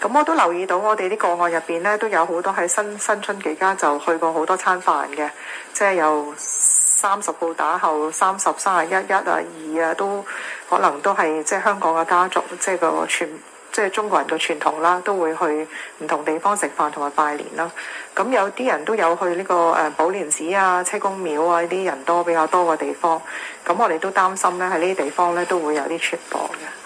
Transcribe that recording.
咁我都留意到，我哋啲個案入面呢，都有好多喺新新春期間就去過好多餐飯嘅，即係由三十號打後三十、三十一一啊、二啊，都可能都係即係香港嘅家族，即係個傳，即係中國人嘅傳統啦，都會去唔同地方食飯同埋拜年啦。咁有啲人都有去呢、誒個寶蓮寺啊、車公廟啊呢啲人多比較多嘅地方。咁我哋都擔心咧，喺呢啲地方咧都會有啲傳播嘅。